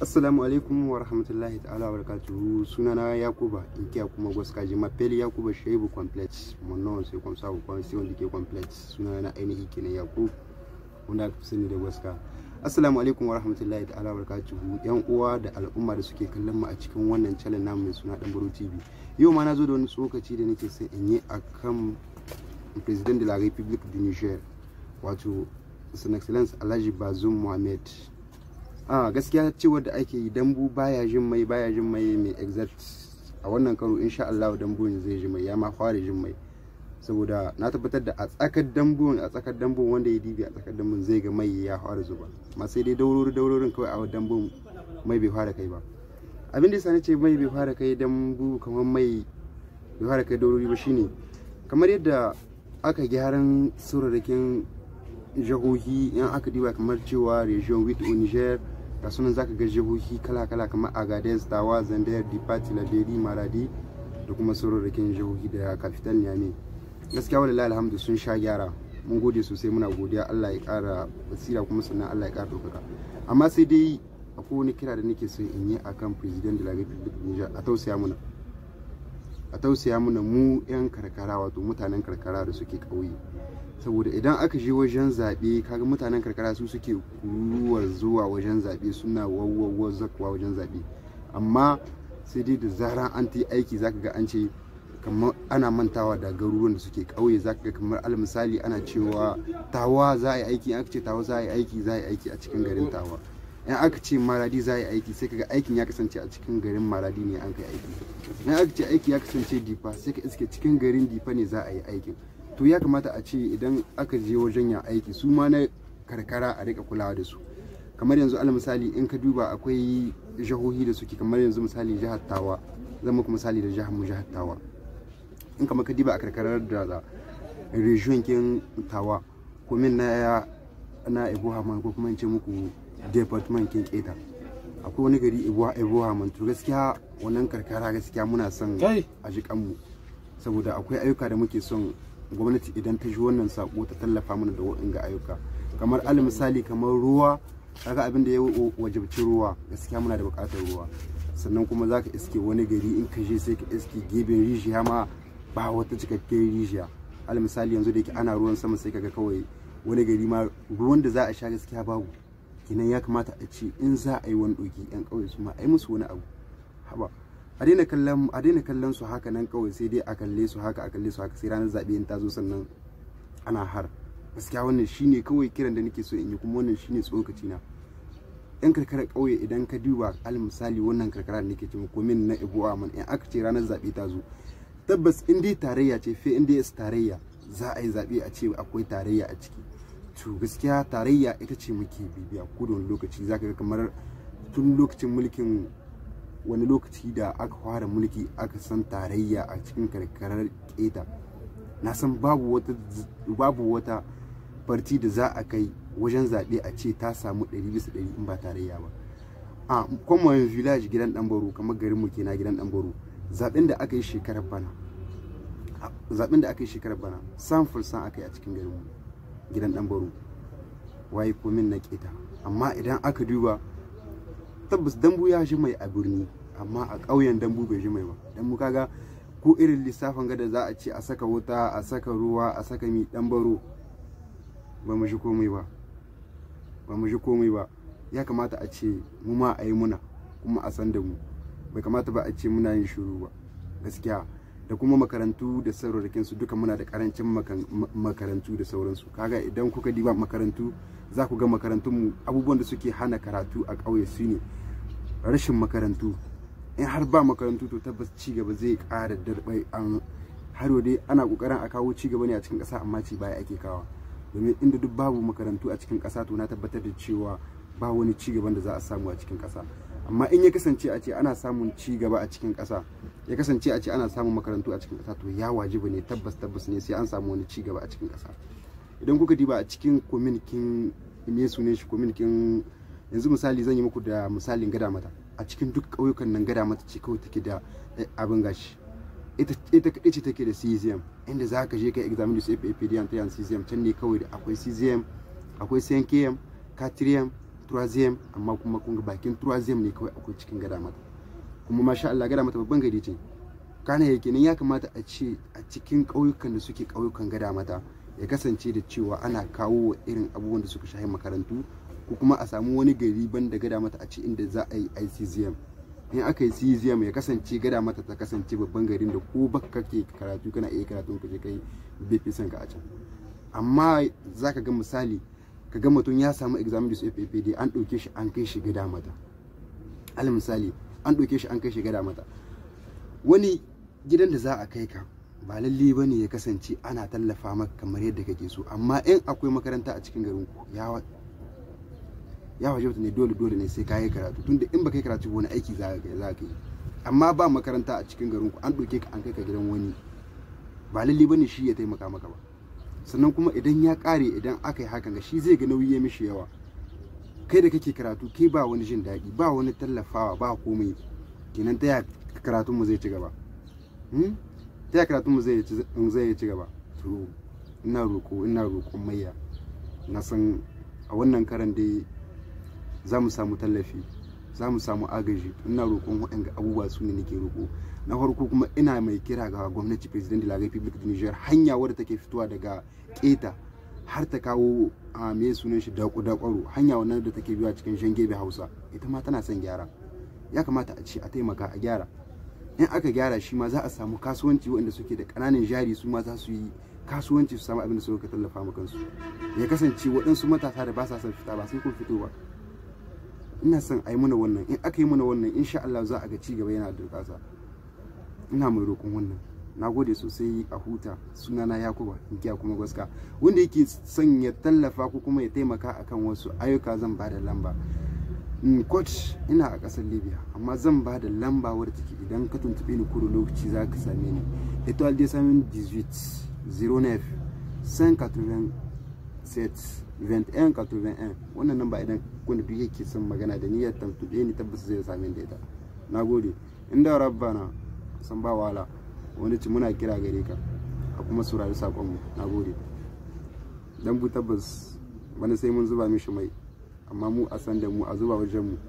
assalamu alaikum wa rahmatullahi ta'ala wa barakatuhu sunana yakuba inkiya kuma gwaska je mapeli yakuba shaibu complex wannan sai kuma sabu kuma sai wanda ke complex sunana na ainihi kenan yakub wanda ku sani da gwaska assalamu alaikum wa rahmatullahi ta'ala wa barakatuhu yan uwa da al'umma da suke kallon mu a cikin wannan channel namu mai suna dan buru tv yau ma na zo da wani tsokaci da nake son in yi akan president de la republique du niger wato son excellence alhaji bazoum mohammed a gaskiya cewar da ake yi dambu baya jin mai baya jin mai mai exact a wannan karo insha Allah dambun zai ji mai ya ma fara jin mai saboda na tabbatar da a tsakar dambun a tsakar dambun wanda ya dibi a tsakar dambun zai ga mai ya fara zuba amma sai dai daurori daurorin kawai a dambun mai bai fara kai ba abin da sani ce mai bai fara kai dambu kamar mai bai fara kai daurori ba shine kamar yadda aka gyaran surarrakin jihohi in aka diba kamar cewa region with niger ga sunan zaka ga jihohi kala-kala kamar agadez tawa zandayar dipati laberi maradi da kuma sauraron jihohi da kafitan niamey gaskiya wani alhamdu sun sha gyara mun gode sosai muna godiya allah ya kara basira kuma sannan allah ya kara dokaka amma sai dai akwai wani kira da nake so in yi akan president da la a tausaya muna a tausaya muna mu yan karkara wato mutanen karkara da suke kauye saboda idan aka je wajen zaɓe kaga mutanen karkara su suke kuruwar zuwa wajen zaɓe suna wawwawar zakwa wajen zaɓe amma sai dai da zaran an ta aiki zaka ga an ce kamar ana mantawa da garuruwan da suke ƙauye zaka ga kamar al misali ana cewa tawa za a yi aiki aka ce tawa za a yi aiki za a yi aiki a cikin garin tawa in aka ce maradi za a yi aiki sai kaga aikin ya kasance a cikin garin maradi ne an kai aiki in aka ce aiki ya kasance difa sai ka iske cikin garin difa ne za a yi aikin to ya kamata a ce idan aka je wajen ya aiki su ma na karkara a rika kulawa da su kamar yanzu ala misali in ka duba akwai jihohi da suke kamar yanzu misali jihar tawa zan muku misali da jihar mu jihar tawa in kamar ka duba a karkarar da region kin tawa komin na ya na ibo haman ko kuma in ce muku department kin keta akwai wani gari ibo haman to gaskiya wannan karkara gaskiya muna son a jikan mu saboda akwai ayyuka da muke son gwamnati idan ta shi wannan sako ta tallafa mana da ga ayyuka kamar al misali kamar ruwa kaga abin da ya wajibci ruwa gaskiya muna da buƙatar ruwa sannan kuma za ka iske wani gari in ka je sai ka iske gibin rijiya ma ba wata cikakken rijiya al misali yanzu da yake ana ruwan sama sai kaga kawai wani gari ma ruwan da za a sha gaskiya babu kenan ya kamata a ce in za a yi wani doki yan ƙauye su ma ai musu wani abu haba a daina kallon daina kallon su haka nan kawai sai dai a kalle su haka a kalle su haka sai ranar zabe in ta sannan ana har gaskiya wannan shine kawai kiran da nake so in yi kuma wannan shine tsokaci na yan karkara kauye idan ka duba al misali wannan karkara da nake ce ko min na ibuwa man in aka ce ranar zabe ta zo tabbas in dai tarayya ce fe in dai tarayya za a yi zabe a ce akwai tarayya a ciki to gaskiya tarayya ita ce muke bibiya ko da lokaci zaka ga kamar tun lokacin mulkin wani lokaci da aka fara mulki aka san tarayya a cikin karkarar keta na san babu wata farti da za a kai wajen zaɓe a ce ta samu 100 bisa in ba tarayya ba a common village gidan ɗanbaro kamar garinmu ke na gidan ɗanbaro zaɓen da aka yi shekarar bana da aka yi shekarar bana san fulsan aka yi a cikin garinmu gidan ɗanbaro waye komin na keta amma idan aka duba tabbas dambu ya shi mai a birni amma a ƙauyen dambu bai shi mai ba mu kaga ko irin lissafin gada za a ce a saka wuta a saka ruwa a saka mi dan baro ba mu shi komai ba ba mu shi komai ba ya kamata a ce mu ma a yi muna kuma a san da mu bai kamata ba a ce muna yin shiru ba gaskiya da kuma makarantu da sauran su duka muna da karancin makarantu da sauransu kaga idan kuka diba makarantu za ku ga mu abubuwan da suke hana karatu a ƙauye su ne rashin makarantu in har ba makarantu to tabbas ci gaba zai ƙara darbai an har dai ana ƙoƙarin a kawo gaba ne a cikin ƙasa amma ci baya ake kawa domin inda duk babu makarantu a cikin ƙasa to na tabbatar da cewa ba wani ci gaban da za a samu a cikin ƙasa amma in ya kasance a ce ana samun ci gaba a cikin ƙasa ya kasance a ce ana samun makarantu a cikin ƙasa to ya wajibi ne tabbas tabbas ne sai an samu wani ci gaba a cikin ƙasa idan kuka diba a cikin kominikin me ne shi kominikin yanzu misali zan yi muku da misalin gada mata a cikin duk ƙauyukan nan gada mata ce kawai take da eh, abin gashi ita kaɗai ce take da cesium inda za ka je ka exam da su fapdm ta yan cesium can ne kawai da akwai cesium akwai cnkm catrium troisième amma kuma kun ga bakin troisième ne kawai akwai cikin gada mata kuma masha Allah gada mata babban gari ce kana yake ya kamata a ce a cikin ƙauyukan da suke ƙauyukan gada mata ya kasance da cewa ana kawo wa irin abubuwan da suka shahi makarantu ko kuma a samu wani gari ban da gada mata a ce inda za a yi ICZM in aka yi CZM ya kasance gada mata ta kasance babban garin da ko ba ke karatu kana iya karatu ka je kai bai a can amma zaka ga misali ka mutum ya samu examen dis FAPD an ɗauke shi an kai shi gada mata al misali an ɗauke shi an kai shi gada mata wani gidan da za a kai ka ba lalle ba ne ya kasance ana tallafa maka kamar yadda kake so amma in akwai makaranta a cikin garin ku ya ya waje ne dole dole ne sai ka yi karatu tunda in ba kai karatu wani aiki za ka yi amma ba makaranta a cikin garin ku an ɗauke ka an kai ka gidan wani ba lalle ba ne shi ya taimaka maka ba sannan kuma idan ya kare idan aka yi hakan ga shi zai ga nauyi ya mishi yawa kai da kake karatu ke ba wani jin daɗi ba wani tallafawa ba komai kenan ta ya karatun mu zai ci gaba hmm? ta ya karatun mu zai ci gaba to ina roko ina roƙon mayya na san a wannan karan dai za mu samu tallafi za mu samu agaji ina roƙon waɗanda abubuwa su ne nake roƙo na farko kuma ina mai kira ga gwamnati president de la republique du niger hanya wadda take fitowa daga keta har ta kawo a mai sunan shi daku dakwaro hanya wannan da take biwa cikin shangebe hausa ita ma tana son gyara ya kamata a ce a taimaka a gyara in aka gyara shi ma za a samu kasuwanci waɗanda suke da ƙananan jari su ma za su yi kasuwanci su samu abin da suka tallafa ma kansu ya kasance waɗansu matasa da ba sa son fita ba sai kun fito ba ina son a yi mana wannan in aka yi mana wannan insha Allah za a ga ci gaba yana durƙasa ina mai roƙon wannan na gode sosai a huta sunana yakuba inkiya kuma gaska wanda yake son ya tallafa ko kuma ya taimaka akan wasu ayyuka zan ba da lamba mm, coach ina a ƙasar libya amma zan ba da lamba wadda take idan ka tuntuɓe ni kuro lokaci za ka same ni etoile de samin 18 09 21 wannan namba idan kuna duk yake son magana da niyyar tuntuɓe ni tabbas zai same da ita na gode inda rabbana san ba wahala wani ci muna kira gare ka a kuma saurari sakonmu na gode dan bu tabbas wani sai mun zuba mishi mai amma mu a san da mu a zuba wajen mu